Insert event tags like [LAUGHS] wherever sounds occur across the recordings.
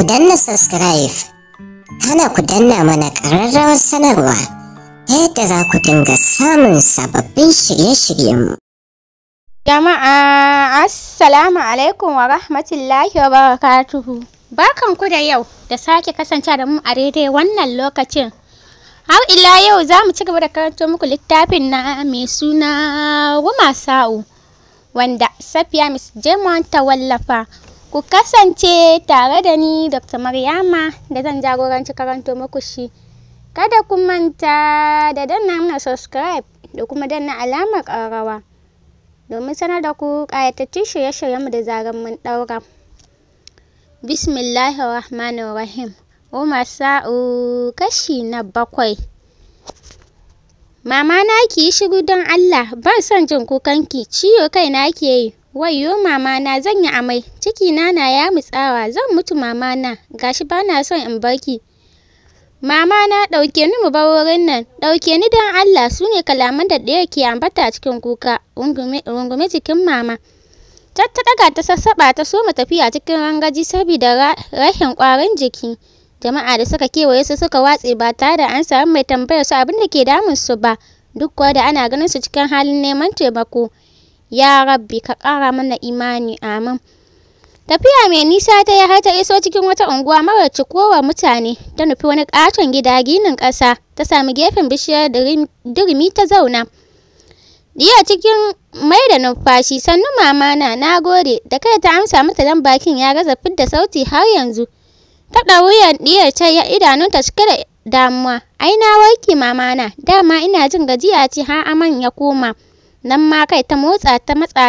ku danna subscribe hana ku danna mana ƙararrawar sanarwa ta yadda za ku dinga samun sababbin shirye-shiryenmu. Jama'a Assalamu alaikum wa rahmatullahi wa barakatuhu. Barkan ku da yau da sake kasance da mu a daidai wannan lokacin. Har ila yau za mu ci gaba da karanto muku littafin na mai suna Wuma Sa'u. wanda Safiya Miss Jemon ta wallafa Ku kasance tare da ni Dr. Maryama da zan jagoranci karanto makushi, Kada ku manta da danna muna subscribe da kuma danna alamar ƙararrawa domin sanar da ku ƙayatattun shirye mu da zarar mun ɗaura. Bismillahir Rahmanir Rahim. Umar Sa'u kashi na bakwai. Mama na ki yi shiru don Allah, ban son jin kukanki, ciwo kai na ke yi. Wayyo mamana zan yi amai, cikina na yamutsawa, zan mutu mamana, gashi ba na son in bar ki. Mamana ɗauke ni mu bar wurin nan, ɗauke ni don Allah su ne kalaman da ɗaya ke ambata cikin kuka, rungume jikin mama. Ta ta ɗaga ta sassaɓa ta soma tafiya cikin rangaji saboda rashin kwarin jiki. Jama'a da suka kewaye su suka watse ba tare da an samu mai tambayar su abin da ke damun su ba, duk kuwa da ana ganin su cikin halin neman taimako. Ya Rabbi ka ƙara mana imani amin. Tafiya mai nisa ta ya har ta iso cikin wata unguwa mara cikowa mutane ta nufi wani ƙaton gida ginin ƙasa ta sami gefen bishiyar durmi ta zauna. Diya cikin mai da numfashi sannu mamana. na gode da kai ta amsa mata dan bakin ya gaza fidda sauti har yanzu. Ta ɗauyan ɗiyar ta ya idanunta cike da damuwa. Ai na warke mama dama ina jin gajiya ce har aman ya koma. nan ma kai ta motsa ta matsa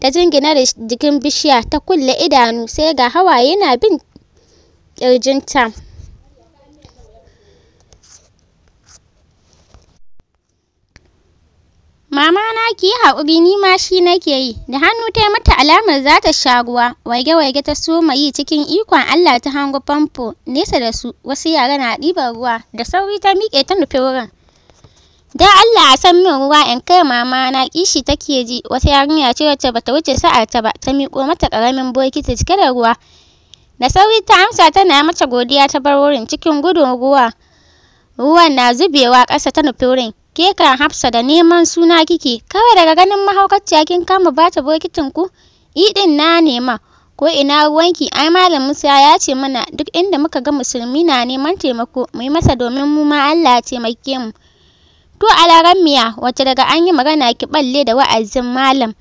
ta jingina da jikin bishiya ta kulle idanu sai ga hawa yana bin kirjinta Mama na ki yi haƙuri ni ma shi nake yi da hannu ta yi mata alamar za ta sha ruwa waige waige ta soma yi cikin ikon Allah ta hango famfo nesa da su wasu yara na ɗiban ruwa da sauri ta miƙe ta nufi wurin dan Allah a san min ruwa in kai mama na kishi take ji wata yarinya ce wacce bata wuce sa'a ta ba ta miƙo mata karamin bokiti cike da ruwa da sauri ta amsa tana mata godiya ta bar wurin cikin gudun ruwa ruwan na zubewa ƙasa ta nufi wurin ke kan hafsa da neman suna kike kawai daga ganin mahaukaciya kin kama bata bokitin ku din na nema ko ina ruwanki ai malam Musa ya ce mana duk inda muka ga musulmi na neman taimako mu yi masa domin mu ma Allah ya taimake mu To miya wace daga an yi magana ki balle da wa'azin malam.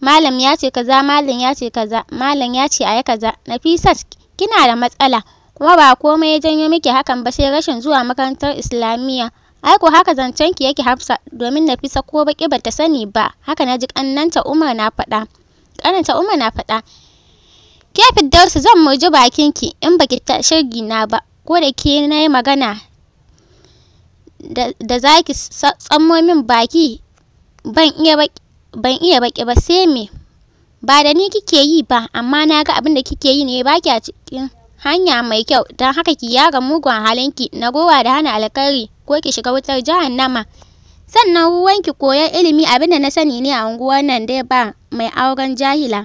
Malam ya ce kaza, malam ya ce kaza, malam ya ce ayi kaza. Nafisat kina da matsala kuma ba komai ya janyo miki hakan ba sai rashin zuwa makarantar Islamiyya. Ai ko haka zancen ki yake Hafsa domin Nafisa ko ki bata sani ba. Haka na ji kannanta Umar na faɗa. Kannanta Umar na faɗa. Ke Firdausu zan murji bakin ki in baki ta shirgi na ba. Ko da ke na yi magana da za ki tsammomin baki ban iya baki ba sai me ba da ni kike yi ba amma na ga abin da kike yi ne baki a cikin hanya mai kyau don haka ki gyara mugun halinki na gowa da hana alkari ko ki shiga wutar jihar nama sannan ruwanki koyar ilimi abin da na sani ne a unguwar nan dai ba mai auren jahila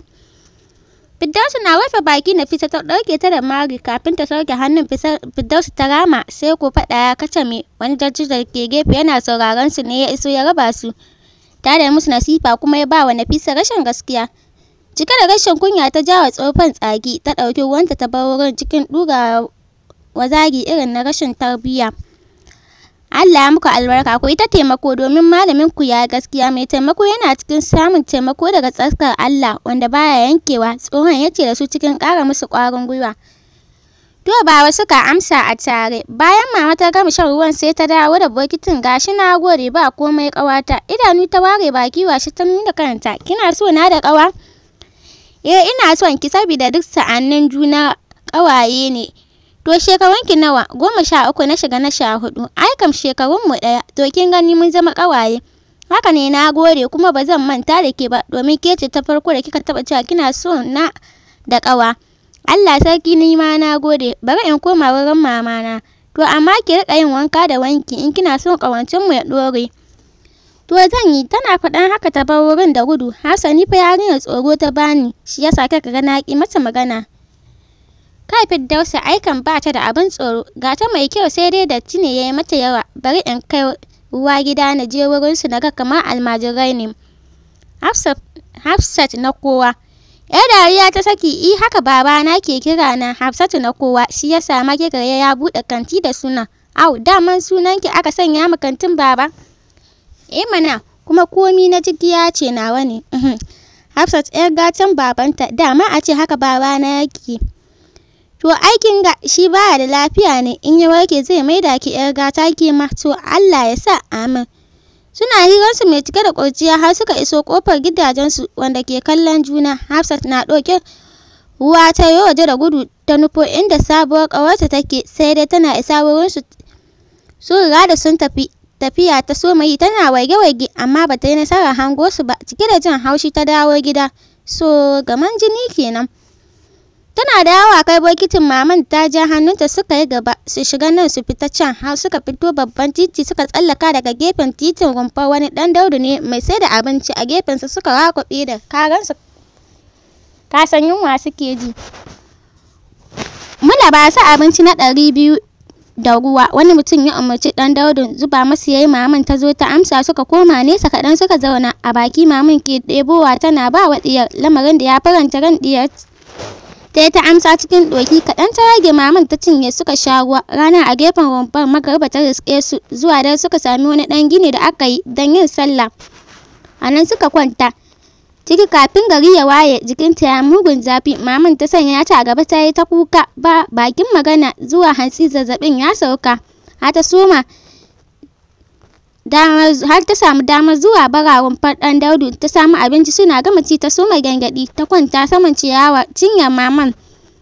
Firdausu na rufe baki na Nafisa ta ɗauke ta da mari kafin ta sauke hannun Fiddausu ta rama sai ko faɗa ya kace me wani jajji da ke gefe yana sauraron su ne ya iso ya raba su. Ta da musu nasifa kuma ya ba wa Nafisa rashin gaskiya. Cike da rashin kunya ta jawa tsofan tsagi ta ɗauki wanda ta bar wurin cikin ɗuga wa zagi irin na rashin tarbiyya. Allah ya muku albarka ku ita taimako domin malamin ku ya gaskiya mai taimako yana cikin samun taimako daga tsakar Allah wanda baya yankewa tsohon ya ce da su cikin ƙara musu ƙwarin gwiwa to wa suka amsa a tare bayan mama ta gama shan ruwan sai ta dawo da bokitin gashi na gode ba komai ƙawata idanu ta ware baki washe ta nuna kanta kina so na da ƙawa eh ina son ki saboda duk sa'annin juna ƙawaye ne To shekarunki nawa? Goma sha uku na shiga na sha hudu. Ai kam shekarunmu ɗaya. To kin gani mun zama kawaye Haka ne na gode kuma ba zan manta da ke ba domin ke ce ta farko da kika taba cewa kina so na da ƙawa. Allah sarki ni ma na gode. Bari in koma wurin mama na To amma ki rika yin wanka da wanki in kina so kawancin mu ya ɗore. To zan yi tana faɗan haka ta bar wurin da gudu. Hassani fa yarinyar tsoro ta bani. Shi yasa kika ga na mata magana. Kai Firdausi ai kan ba ta da abin tsoro, ga ta mai kyau sai dai datti ne ya yi mata yawa, bari in kai ruwa gida na je na ga kamar almajirai ne. Hafsat na kowa. ‘Yar dariya ta saki i haka babana ke kira na Hafsatu na kowa shi ya sama kiraye ya buɗe kanti da suna. Au daman ki aka sanya mu kantin baba? Eh kuma komi na jigiya ce nawa ne. [LAUGHS] Hafsat ‘yar gatan babanta dama a ce haka babana yake. To aikin ga shi baya da lafiya ne in ya warke zai maida ki ‘yar gata ke ma to Allah ya sa amin. Suna hirarsu mai cike da ƙurciya har suka iso ƙofar gidajensu wanda ke kallon juna Hafsat na ɗauke ruwa ta yi waje da gudu ta nufo inda sabuwar ƙawarta take sai dai tana isa wurinsu su riga da sun tafi tafiya ta so mai tana waige-waige amma ba ta yi nasarar hango su ba cike da jin haushi ta dawo gida so gaman jini kenan. Tana da yawa kai bokitin maman ta ja hannunta suka yi gaba su shiga nan su fita can har suka fito babban titi suka tsallaka daga gefen titin rumfar wani ɗan daudu ne mai sai da abinci a gefensa suka rakuɓe da su kasan yunwa suke ji. Mula ba su abinci na ɗari biyu da ruwa wani mutum ya umarci ɗan daudun zuba masu yayi maman ta zo ta amsa suka koma nesa kaɗan suka zauna a baki maman ke ɗebowa tana ba wa ɗiyar lamarin da ya faranta ran ɗiyar Taya ta amsa cikin doki kaɗan ta rage maman ta cinye suka sha ruwa. Rana a gefen rumfar magarba ta riske su zuwa dare suka sami wani ɗan gini da aka yi don yin sallah. A nan suka kwanta. Ciki kafin gari ya waye jikinta ya mugun zafi maman ta sanya ta a gaba ta yi ta kuka ba bakin magana zuwa hantsi zazzabin ya sauka. ta soma har ta samu damar zuwa bararun faɗan daudu ta samu abinci suna gama ci ta mai gangaɗi ta kwanta saman ciyawa cinyar maman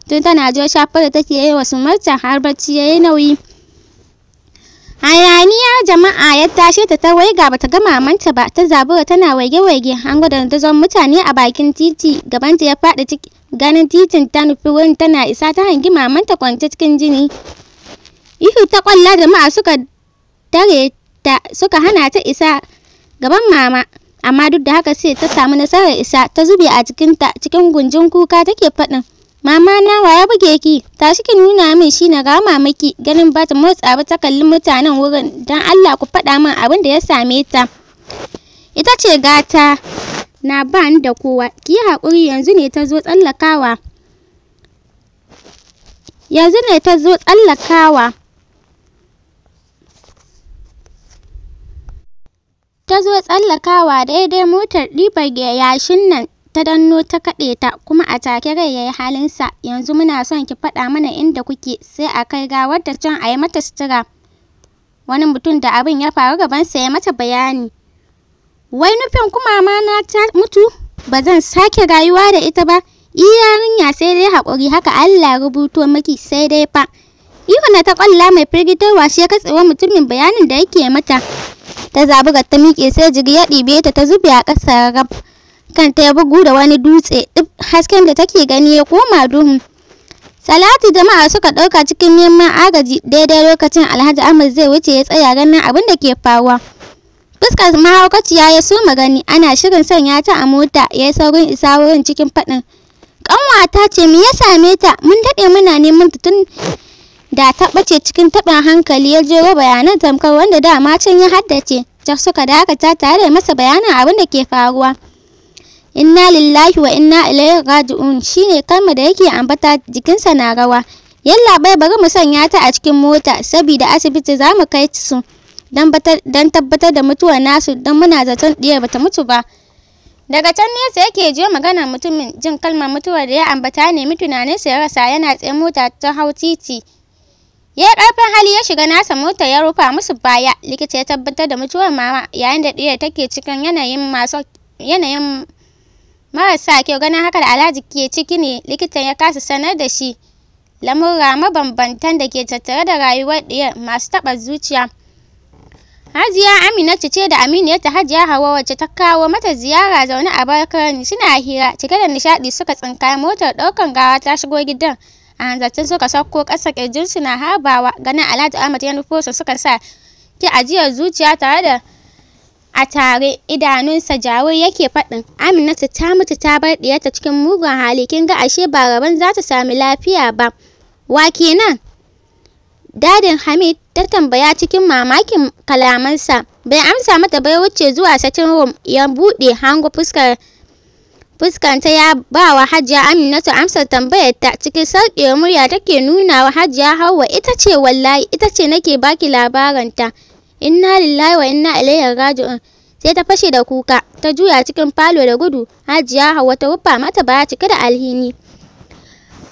tun tana jiwa shafar da take yi wa marta har ya yi nauyi hayaniya jama'a ya tashe ta ta waiga bata ga mamanta ba ta zabura tana waige-waige an gwada dazon mutane a bakin titi gabanta ya faɗi ganin titin ta nufi wurin tana isa ta hangi mamanta kwance cikin jini ihu ta kwalla jama'a suka tare ta suka hana ta isa gaban mama amma duk da haka sai ta samu nasarar isa ta zube a jikinta cikin gunjin kuka take faɗin mama na waya buge ki ta ki nuna min shi na ga mamaki ganin bata motsa ba ta kalli mutanen wurin don allah ku faɗa min abin da ya same ta ita ce gata na ba ni da kowa ki yi haƙuri yanzu ne ta zo tsallakawa yanzu ne ta zo tsallakawa ta zo tsallakawa daidai motar ɗibar yashin nan ta danno ta kaɗe ta kuma a take rai ya yi halinsa yanzu muna son ki faɗa mana inda kuke sai a kai gawar da can a yi mata sutura wani mutum da abin ya faru gabansa ya mata bayani wai nufin kuma na ta mutu ba zan sake rayuwa da ita ba yarinya sai dai haƙuri haka Allah rubuto miki sai dai fa ihuna ta ƙwalla mai firgitarwa shi ya katsewa mutumin bayanin da yake mata ta zaburar ta miƙe sai jiri ya ɗibe ta ta zube a ƙasa rab kanta ya bugu da wani dutse duk hasken da take gani ya koma duhu salatu jama'a suka ɗauka cikin neman agaji daidai lokacin alhaji ahmad zai wuce ya tsaya ganin abin da ke faruwa fuskar mahaukaciya ya suma gani ana shirin sanya ta a mota ya yi saurin isa wurin cikin faɗin ƙanwata ce me ya same ta mun daɗe muna neman ta tun da ta ɓace cikin taɓin hankali ya jero bayanan tamkar wanda dama can ya haddace ta suka dakata tare da masa bayanan abin da ke faruwa inna lillahi wa inna ilaihi raji'un shine kalmar da yake ambata jikinsa na rawa yalla bai bari mu sanya ta a cikin mota saboda asibiti za mu kai su don tabbatar da mutuwar nasu don muna zaton ɗiyar bata mutu ba daga can nesa yake jiyo magana mutumin jin kalmar mutuwar da ya ambata ne mutunaninsa ya rasa yana tsaye mota ta hau titi ya yi ƙarfin hali ya shiga nasa mota ya rufa musu baya likita ya tabbatar da mutuwar mama yayin da ɗiyar take cikin yanayin masu yanayin marasa kyau ganin haka da alhaji ke ciki ne likitan ya kasa sanar da shi lamurra mabambantan da ke tattare da rayuwar ɗiyar masu taɓa zuciya Hajiya amina ce da aminu aminiyarta Hajiya Hawa wacce ta kawo mata ziyara zaune a Barkarni suna hira cike da nishaɗi suka tsinka motar ɗaukan gawa ta shigo gidan a hanzarce suka sauko ƙasa ƙirjinsu na habawa. ganin alhaji ahmad ya nufo su suka sa ki ajiyar zuciya tare da a tare idanunsa jawur yake faɗin Amina ta mutu ta bar ɗiyarta cikin mugun hali kin ga ashe ba rabon za ta sami lafiya ba wa kenan dadin hamid ta tambaya cikin mamakin kalamansa bai amsa mata bai wuce zuwa satin room ya buɗe hango fuskar Fuskanta ya ba wa Hajiya Aminatu amsar tambayar ta cikin sarƙewar murya take nuna wa Hajiya Hauwa ita ce wallahi ita ce nake baki labaranta. Inna lillahi wa inna ilaihi raji'un. Sai ta fashe da kuka, ta juya cikin falo da gudu, Hajiya Hauwa ta rufa mata baya cike da alhini.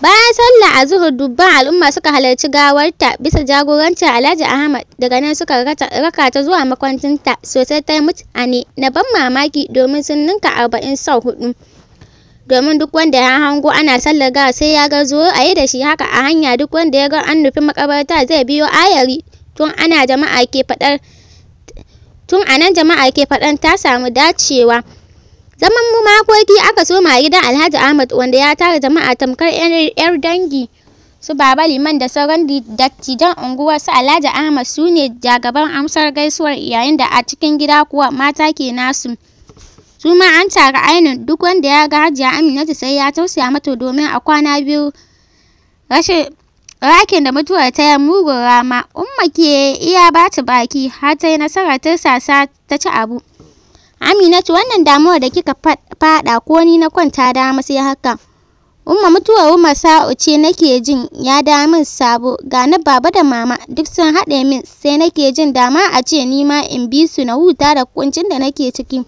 Bayan sallah a zuhur dubban al'umma suka halarci gawarta bisa jagorancin Alhaji Ahmad daga nan suka raka ta zuwa makwancinta sosai ta mutane na ban mamaki domin sun ninka arba'in sau hudu. domin duk wanda ya hango ana sallar sai ya ga zo a yi da shi haka a hanya duk wanda ya ga an nufi makabarta zai biyo ayari tun ana jama'a ke faɗar tun anan jama'a ke faɗan ta samu dacewa zaman mu makoki aka soma gidan alhaji ahmad wanda ya tara jama'a tamkar yar dangi su baba liman da sauran dattijan unguwar su alhaji ahmad su ne jagaban amsar gaisuwar yayin da a cikin gida kuwa mata ke nasu Su ma an tara ainihin duk wanda ya ga Hajiya Aminatu sai ya tausaya mata domin a kwana biyu rakin da mutuwar ta yi rama, Umma ke iya ba ta baki har ta yi nasarar tirsasa ta ci abu. Aminatu wannan damuwar da kika fada ko ni na kwanta dama sai haka. Umma mutuwar Umar Sa'o ce nake jin ya da min sabo ga na baba da mama duk sun haɗe min sai nake jin dama a ce ni ma in bi su na huta da kuncin da nake ciki.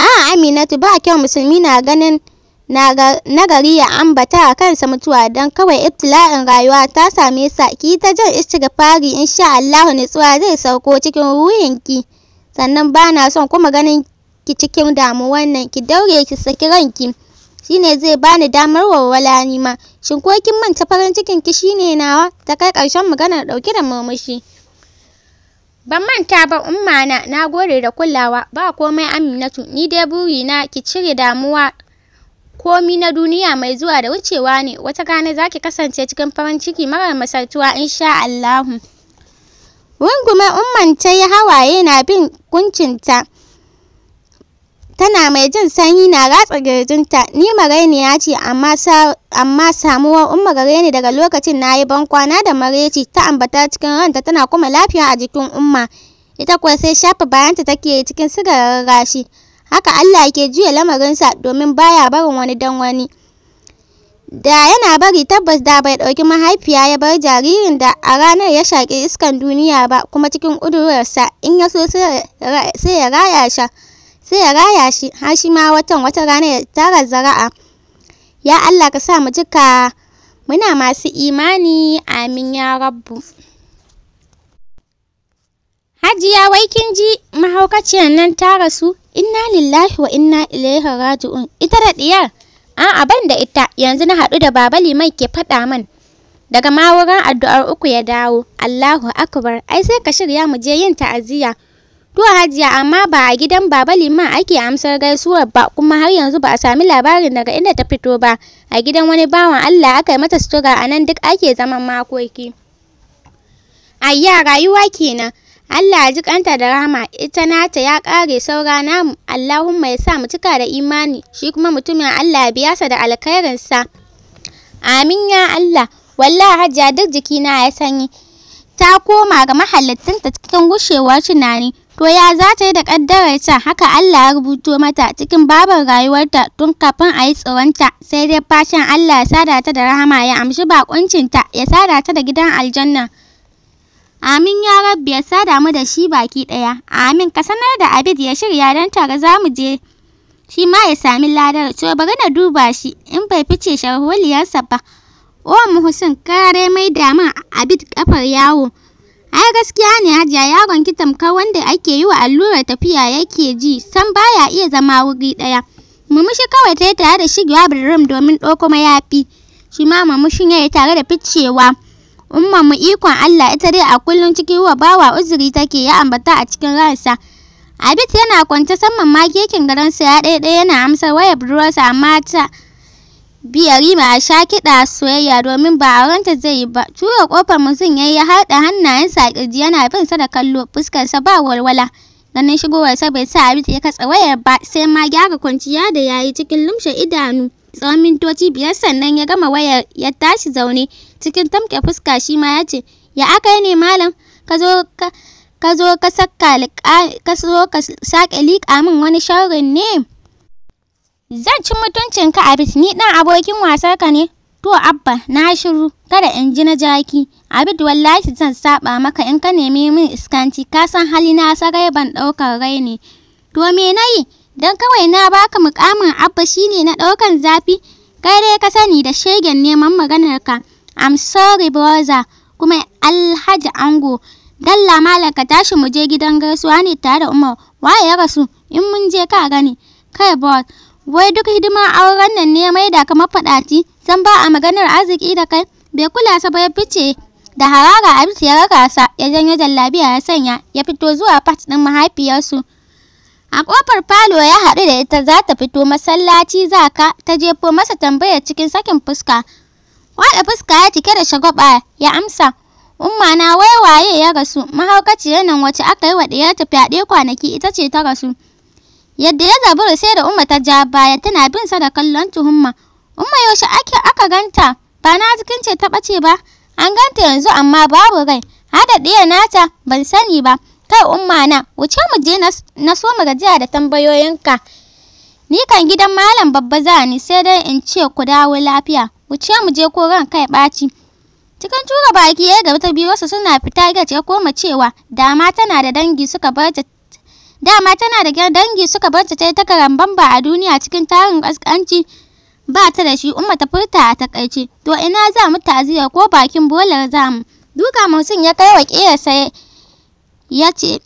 A'a Aminatu ba kyau musulmi na ganin nagari ya ambata a kansa mutuwa don kawai iftila'in rayuwa ta same sa ki ta jan in insha Allahu nutsuwa zai sauko cikin ruhinki sannan ba na son kuma ganin ki cikin damuwan nan ki daure ki saki ranki shine zai bani damar warwala nima shin ko kin manta farin cikin ki shine nawa ta kai karshen maganar dauke da murmushi Ban manta ba Umma na, na gode da kulawa, ba komai Aminatu, ni dai buri na ki cire damuwa komi na duniya mai zuwa da wucewa ne, wata gane zaki kasance cikin farin ciki marar masaltuwa insha Allahu. Rungume Umman ta yi hawaye na bin kuncinta. Tana mai jin sanyi na ratsa ƙirjinta, ni ya ce amma samuwar Umma gare ni daga lokacin na yi bankwana da mareci ta ambata cikin ranta tana kuma lafiya a jikin Umma. Ita kuwa sai shafa bayanta take cikin sigarar rashi. Haka Allah ke juya lamarinsa domin baya barin wani dan wani. Da yana bari tabbas da bai ɗauki mahaifiya ya bar jaririn da a ranar ya shaƙi iskan duniya ba kuma cikin ƙudurarsa in ya so sai ya raya sha. sai ya raya shi har shi ma watan wata rana ya tara zara'a ya Allah ka sa mu jika muna masu imani amin ya rabbu Hajiya wai kin ji mahaukaciyar nan ta rasu inna lillahi wa inna ilaihi raji'un ita da diyar a ban da ita yanzu na haɗu da baba liman ke faɗa man daga ma addu'ar uku ya dawo Allahu akbar ai sai ka shirya mu je yin ta'aziyya To Hajiya amma ba a gidan Baba Liman ake amsar gaisuwar ba kuma har yanzu ba a sami labarin daga inda ta fito ba. A gidan wani bawan Allah aka yi mata sutura a nan duk ake zaman makoki. Ayya rayuwa kenan. Allah ji kanta da rahama ita nata ya kare saura namu Allahumma ya sa mu cika da imani shi kuma mutumin Allah biya sa da alkhairinsa. Amin ya Allah wallahi Hajiya duk jikina ya sanyi ta koma ga mahallattinta cikin gushewar tunani To ya za ta yi da ƙaddararta haka Allah ya rubuto mata cikin babar rayuwarta tun kafin a yi tsoronta sai dai fashin Allah ya sada ta da rahama ya amshi bakuncinta ya sada ta da gidan aljanna. Amin ya rabbi ya sada mu da shi baki ɗaya. Amin ka sanar da Abid ya shirya don tare za mu je. Shi ma ya sami ladar to bari na duba shi in bai fice sharholiyarsa ba. O Muhsin kare mai da Abid kafar yawo. Ai gaskiya ne Hajiya yaron ki tamkar wanda ake yi wa allurar tafiya yake ji san baya iya zama wuri ɗaya. mamushi kawai ta yi tare da shigewa bedroom domin ɗauko mayafi. Shi ma ya yi tare da ficewa. Umman mu ikon Allah ita dai a kullum ciki wa bawa uzuri take ya ambata a cikin ransa. Abit yana kwance saman ma kekin gadonsa ya ɗaya ɗaya yana amsar waya budurwarsa amma ta biya rima a sha kiɗa soyayya domin ba aurenta zai yi ba tura kofar mutum ya yi har hannayensa a ƙirji yana bin sa da kallo fuskarsa ba walwala ganin shigowarsa bai sa abin ya katsa wayar ba sai ma gyara kwanciya da ya yi cikin lumshe idanu tsawon mintoci biyar sannan ya gama wayar ya tashi zaune cikin tamke fuska shi ma ya ce ya aka yi ne malam ka zo ka ka saka ka zo ka saka liƙa min wani shaurin ne Zan ci mutuncin mutuncinka Abid, ni ɗan abokin wasarka ne? To Abba, na shiru, kada in ji na jaki. Abid wallahi zan saba maka in ka nemi min iskanci, ka san na sarai ban ɗaukar rai ne. To me na yi? Don kawai na baka mukamin, Abba shine na ɗaukan zafi? Kai dai ka sani da shegen neman maganarka. I'm sorry brother, kuma Alhaji Ango. Dalla malam ka tashi mu je gidan gaisuwa ne tare da Umar. Waye ya rasu? In mun je ka gani. Kai boss, wai duk hidima auren nan ne mai da kamar faɗaci san ba a maganar arziki da kai bai kula sa ba ya fice da harara bisa ya ragasa ya janyo jallabiya ya sanya ya fito zuwa fat ɗin mahaifiyarsu a kofar falo ya haɗu da ita za ta fito masallaci za ka ta jefo masa tambayar cikin sakin fuska waɗa fuska ya cike da shagwaba ya amsa umma na wai waye ya rasu mahaukaciyar nan wace aka yi wa ta fyaɗe kwanaki ita ce ta rasu yadda ya zaburi sai da umma ta ja baya tana bin sa da kallon tuhumma umma yaushe ake aka ganta ba na jikin ce ta bace ba an ganta yanzu amma babu rai hada ɗaya nata ban sani ba kai umma na wuce mu je na so mu gajiya da tambayoyinka ni kan gidan malam babba za ni sai dai in ce ku dawo lafiya wuce mu je ko ran kai ɓaci cikin tura baki ya gaba ta biyo su suna fita gace ko mu cewa dama tana da dangi suka bar ta dama tana da gyar dangi suka barta ta takarar karambamba a duniya cikin tarin ƙasƙanci ba ta da shi umma ta furta a takaice to ina za mu ta'aziyar ko bakin bolar za mu duka mutum ya kai wa sai ya ce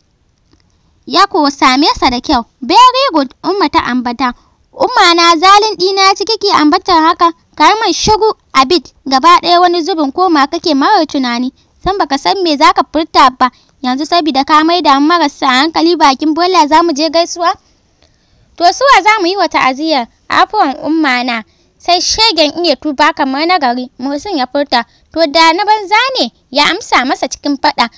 ya ko same sa da kyau very good umma ta ambata umma na zalin ɗina ciki ke ambatar haka karman shiru a bit gaba ɗaya wani zubin koma kake mara tunani san baka san me zaka furta ba yanzu saboda ka maida mu marasa hankali bakin bola za mu je gaisuwa to suwa za mu yi wa ta'aziyya afuwan umma na sai shegen iya tuba kamar na gari muhsin ya furta to da na banza ne ya amsa masa cikin fada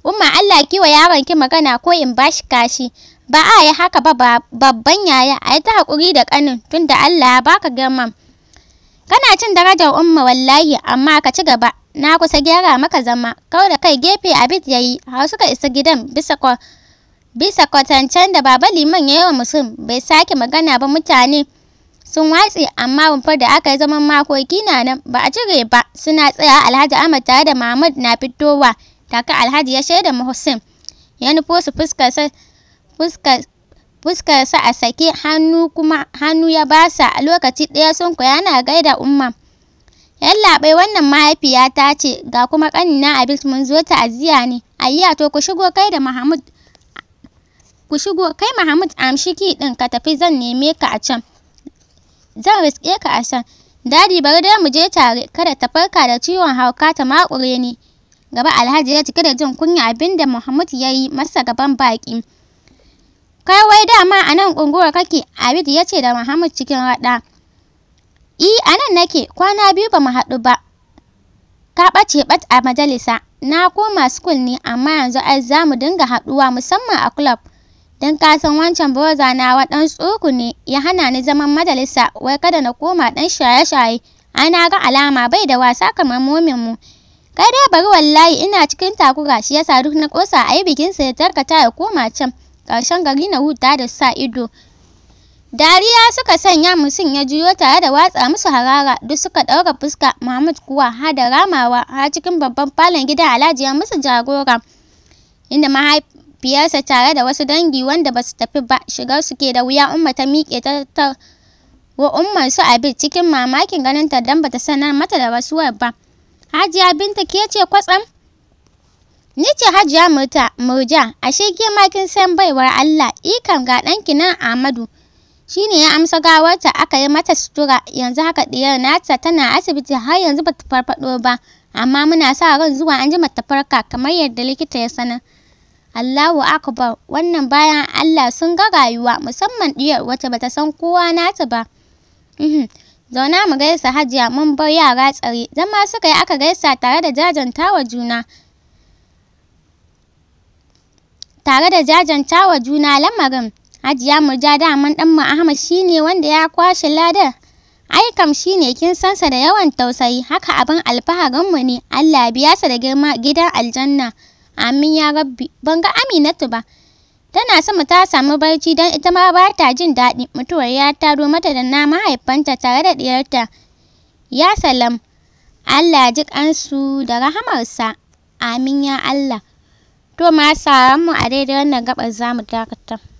umma Allah kiwa yaron ki magana ko in bashi kashi ba a yi haka ba babban yaya a yi ta hakuri da kanin tunda Allah ya baka girman kana cin darajar umma wallahi amma ka ci gaba na kusa gyara maka zama kawai da kai gefe abid ya yi har suka isa gidan bisa kwatancen da baba liman ya yi wa musulun bai sake magana ba mutane sun watsi amma rumfar da aka yi zaman makoki na nan ba a cire ba suna tsaya alhaji ahmad tare da mahmud na fitowa taka alhaji ya shaida muhsin ya nufo su fuskarsa a sake hannu kuma hannu ya basa a lokaci ɗaya sun yana gaida umma Yallaɓai wannan mahaifiyata ce ga kuma ƙanina Abid mun zo ta'aziya ne. Ayya to ku shigo kai da Mahmud ku ɗin ka tafi zan neme ka a can. Zan riske ka a can. Dadi bari dai mu je tare kada ta farka da ciwon hauka ta makure ni. Gaba Alhaji ya cike da jin kunya abinda Mahmud ya yi masa gaban baƙi. Kai wai dama a nan unguwar kake Abid ya ce da Mahmud cikin raɗa. I anan nake kwana biyu ba mu haɗu ba. Ka ɓace ɓat a majalisa. Na koma school ne amma yanzu ai za mu dinga haɗuwa musamman a club. Don ka san wancan boza na ɗan tsoku ne ya hana ni zaman majalisa wai kada na koma ɗan shaye-shaye. ana ga alama bai da wasa kamar momin mu. Kai dai bari wallahi ina cikin takura shi yasa duk na ƙosa a yi bikinsa ya tarkata ya koma can. Ƙarshen gari na huta da sa ido. Dariya suka sanya musu ya juyo tare da watsa musu harara duk suka ɗaura fuska Mahmud kuwa har da ramawa har cikin babban falon gida Alhaji ya musu jagora. Inda mahaifiyarsa tare da wasu dangi wanda basu tafi ba shigar su ke da wuya Umma ta miƙe ta tar wa umman su abin cikin mamakin ganin ta dan bata sanar mata da rasuwar ba. Hajiya Binta ke ce kwatsam Ni ce Hajiya Murja, ashe ke makin san baiwar Allah, ikam ga ɗanki nan Ahmadu. shi ne ya amsa gawarta aka yi mata sutura yanzu haka ɗiyar nata tana asibiti har yanzu bata farfaɗo ba amma muna sa ran zuwa an ji ta farka kamar yadda likita ya sanar Allahu akbar wannan bayan Allah sun ga rayuwa musamman ɗiyar wacce bata san kowa nata ba uhm. zauna mu gaisa hajiya mun bar yara tsare zama suka yi aka gaisa tare da jajantawa juna tare da jajanta juna lamarin Hajiya Murja daman ɗan mu Ahmad shine wanda ya kwashe ladar. Ai kam shine kin san da yawan tausayi, haka abin alfaharinmu ne. Allah biya sa da girma gidan aljanna. Amin ya Rabbi. Ban ga Aminatu ba. Tana sama ta samu barci don ita ma ba ta jin daɗi. Mutuwar ya taro mata da na mahaifanta tare da ɗiyarta. Ya salam. Allah ji su da rahamarsa. Amin ya Allah. To ma mu a daidai wannan gabar zamu dakata.